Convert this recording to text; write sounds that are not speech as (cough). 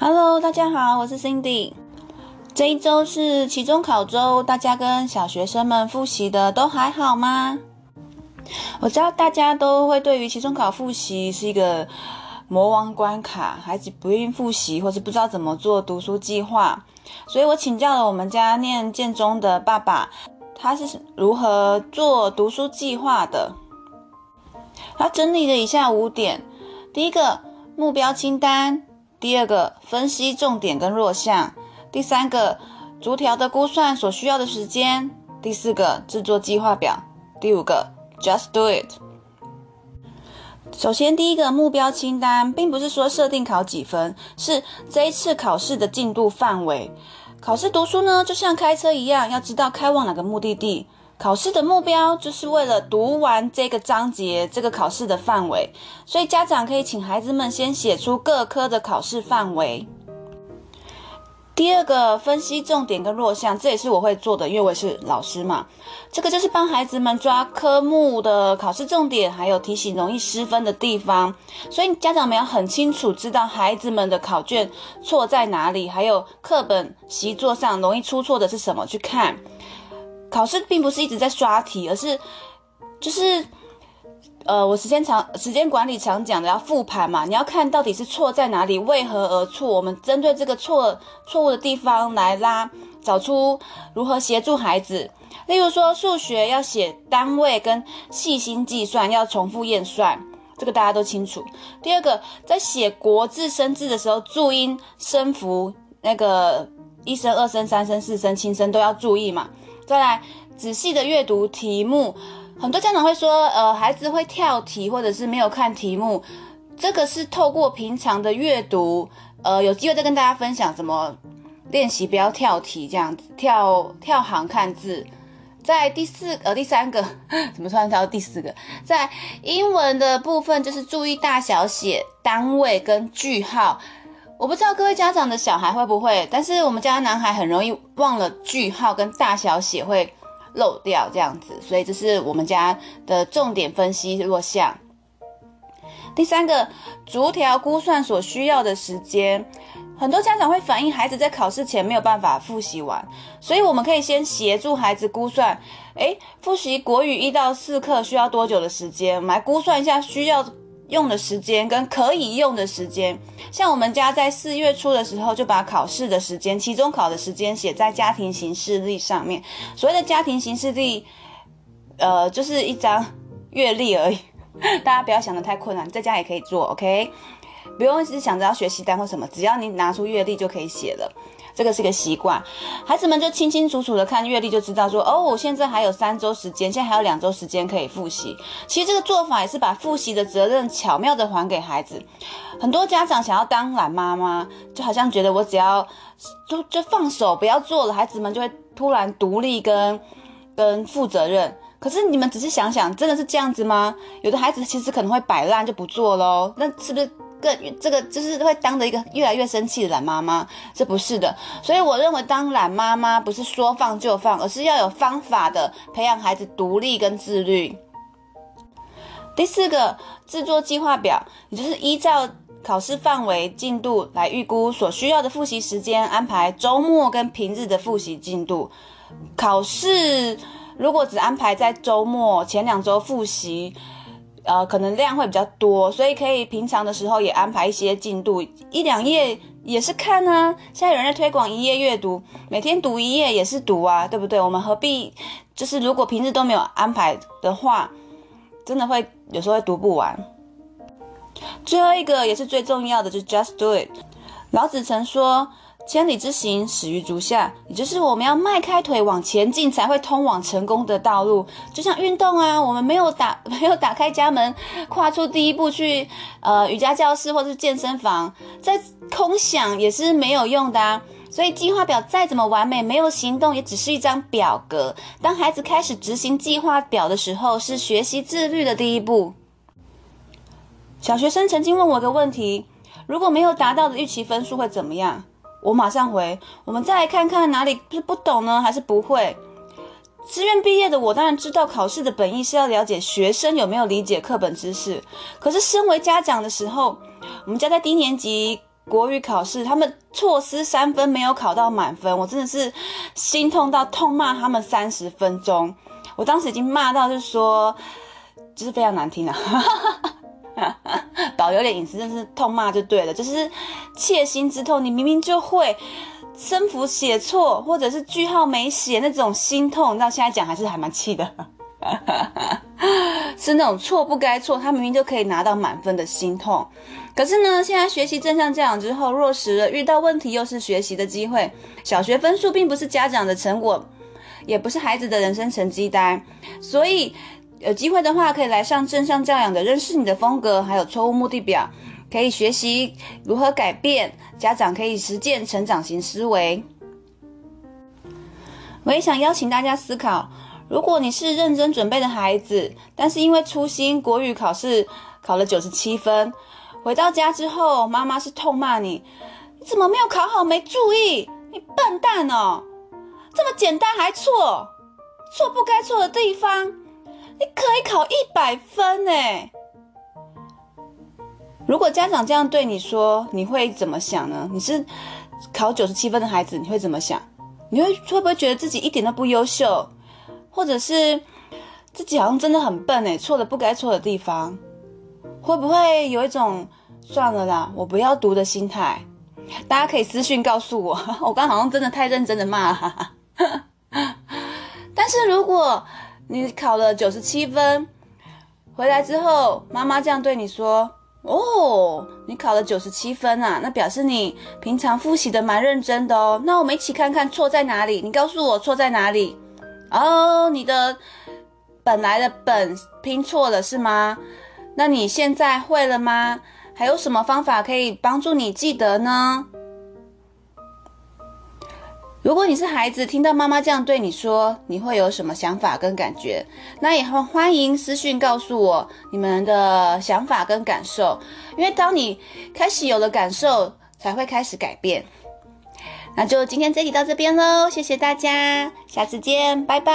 哈嘍，大家好，我是 Cindy。這一周是期中考周，大家跟小學生們複習的都還好嗎？我知道大家都會對於期中考複習是一個魔王關卡，孩子不願意複習，或是不知道怎麼做讀書計劃，所以我請教了我們家念建中的爸爸，他是如何做讀書計劃的。他整理了以下五點：第一個目標清單。第二個，分析重點跟弱項；第三個，逐條的估算所需要的時間；第四個，製作計劃表；第五個，Just do it。首先，第一個目標清單，並不是說設定考幾分，是這一次考試的進度範圍。考試讀書呢，就像開車一樣，要知道開往哪個目的地。考試的目標就是為了讀完這個章節，這個考試的範圍，所以家長可以請孩子們先寫出各科的考試範圍。第二個，分析重點跟弱項，這也是我會做的，因為我是老師嘛。這個就是幫孩子們抓科目的考試重點，還有提醒容易失分的地方。所以家長們要很清楚知道孩子們的考卷錯在哪裡，還有課本習作上容易出錯的是什麼，去看。考試並不是一直在刷題，而是就是，呃，我時間長，時間管理常講的要復盤嘛，你要看到底是錯在哪裡，為何而錯，我們針對這個錯錯誤的地方來拉，找出如何協助孩子。例如說數學要寫單位跟細心計算，要重複驗算，這個大家都清楚。第二個，在寫國字生字的時候，注音聲符那個。一聲、二聲、三聲、四聲、輕聲都要注意嘛。再來，仔細的閱讀題目，很多家長會說，呃，孩子會跳題或者是沒有看題目，這個是透過平常的閱讀，呃，有機會再跟大家分享怎麼練習不要跳題，這樣跳跳行看字。在第四，呃，第三個，怎麼突然跳到第四個？在英文的部分就是注意大小寫、單位跟句號。我不知道各位家長的小孩會不會，但是我們家男孩很容易忘了句號跟大小寫會漏掉這樣子，所以這是我們家的重點分析弱項。第三個，逐條估算所需要的時間，很多家長會反映孩子在考試前沒有辦法複習完所以我們可以先協助孩子估算，誒、欸，復習國語一到四課需要多久的時間？我們來估算一下需要。用的時間跟可以用的時間，像我們家在四月初的時候就把考試的時間、期中考的時間寫在家庭行事曆上面。所謂的家庭行事曆，呃，就是一張月曆而已。大家不要想得太困難，在家也可以做，OK？不用一直想着要學習單或什麼，只要你拿出月曆就可以寫了。這個是一個習慣，孩子們就清清楚楚的看月曆就知道說，說哦，我現在還有三周時間，現在還有兩周時間可以複習。其實這個做法也是把複習的責任巧妙的還給孩子。很多家長想要當懶媽媽，就好像覺得我只要就就放手不要做了，孩子們就會突然獨立跟跟負責任。可是你們仔細想想，真的是這樣子嗎？有的孩子其實可能會擺爛就不做嘍，那是不是？個這個就是會當着一個越來越生氣的懶媽媽，這不是的。所以我認為當懶媽媽不是說放就放，而是要有方法的培養孩子獨立跟自律第四個，制作計劃表，也就是依照考試範圍進度來預估所需要的複習時間，安排周末跟平日的複習進度。考試如果只安排在周末前兩周複習。呃，可能量會比較多，所以可以平常的時候也安排一些進度，一兩頁也是看啊。現在有人在推廣一頁閱讀，每天讀一頁也是讀啊，對不對？我們何必，就是如果平日都沒有安排的話，真的會有時候會讀不完。最後一個也是最重要的，就是 Just do it。老子曾說。千里之行，始於足下，也就是我們要邁開腿往前進，才會通往成功的道路。就像運動啊，我們沒有打，沒有打開家門，跨出第一步去呃瑜伽教室或是健身房，再空想也是沒有用的啊。所以計劃表再怎麼完美，沒有行動也只是一張表格。當孩子開始執行計劃表的時候，是學習自律的第一步。小學生曾經問我一個問題：如果沒有達到的預期分數會怎麼樣？我馬上回，我們再來看看哪裡是不懂呢，還是不會。志願畢業的我當然知道，考試的本意是要了解學生有沒有理解課本知識。可是身為家長的時候，我們家在低年級國語考試，他們錯失三分，沒有考到滿分，我真的是心痛到痛罵他們三十分鐘。我當時已經罵到就是說，就是非常難聽哈、啊。 (laughs) (laughs) 保留有點隱私，但是痛罵就對了。就是切心之痛，你明明就會聲符寫錯，或者是句號沒寫，那種心痛，到現在講還是還蠻氣的。 (laughs) 是那種錯不該錯，他明明就可以拿到滿分的心痛。可是呢，現在學習正向教養之後，落實了，遇到問題又是學習的機會。小學分數並不是家長的成果，也不是孩子的人生成績單，所以。有機會的話，可以來上正向教養的《認識你的風格》，還有《錯誤目的表》，可以學習如何改變家長，可以實踐成長型思維。我也想邀請大家思考：如果你是認真準備的孩子，但是因為粗心，國語考試考了九十七分，回到家之後，媽媽是痛罵你：“你怎麼沒有考好？沒注意，你笨蛋哦！這麼簡單還錯，錯不該錯的地方。”你可以考一百分哎！如果家長這樣對你說，你會怎麼想呢？你是考九十七分的孩子，你會怎麼想？你會會不會覺得自己一點都不優秀？或者是自己好像真的很笨哎，錯了不該錯的地方，會不會有一種算了啦，我不要讀的心態？大家可以私訊告訴我，我剛好像真的太認真的罵哈 (laughs) 但是如果……你考了九十七分，回來之後，媽媽這樣對你說：“哦，你考了九十七分啊，那表示你平常複習得蠻認真的哦。那我們一起看看錯在哪裡，你告訴我錯在哪裡。哦，你的本來的本拼錯了是嗎？那你現在會了嗎？還有什麼方法可以幫助你記得呢？”如果你是孩子，聽到媽媽這樣對你說，你會有什麼想法跟感覺？那以後歡迎私訊告訴我你們的想法跟感受，因為當你開始有了感受，才會開始改變。那就今天這一集到這邊嘍，謝謝大家，下次見，拜拜。